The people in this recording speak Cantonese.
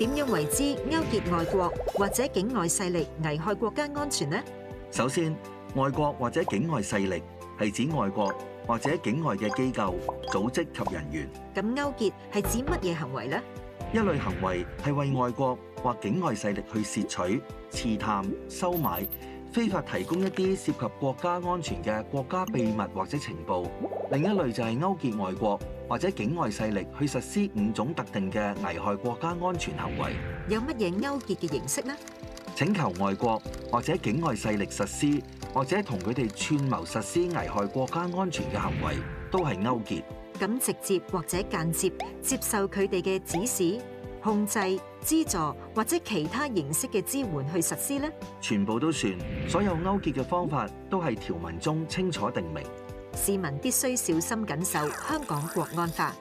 點樣為之勾結外國或者境外勢力危害國家安全呢？首先，外國或者境外勢力係指外國或者境外嘅機構、組織及人員。咁勾結係指乜嘢行為呢？一類行為係為外國或境外勢力去竊取、刺探、收買。非法提供一啲涉及國家安全嘅國家秘密或者情報，另一類就係勾結外國或者境外勢力去實施五種特定嘅危害國家安全行為。有乜嘢勾結嘅形式呢？請求外國或者境外勢力實施，或者同佢哋串謀實施危害國家安全嘅行為，都係勾結。咁直接或者間接接受佢哋嘅指示，控制、資助或者其他形式嘅支援去實施呢，全部都算。所有勾結嘅方法都係條文中清楚定明，市民必須小心謹守香港國安法。